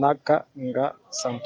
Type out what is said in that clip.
naka nga sant.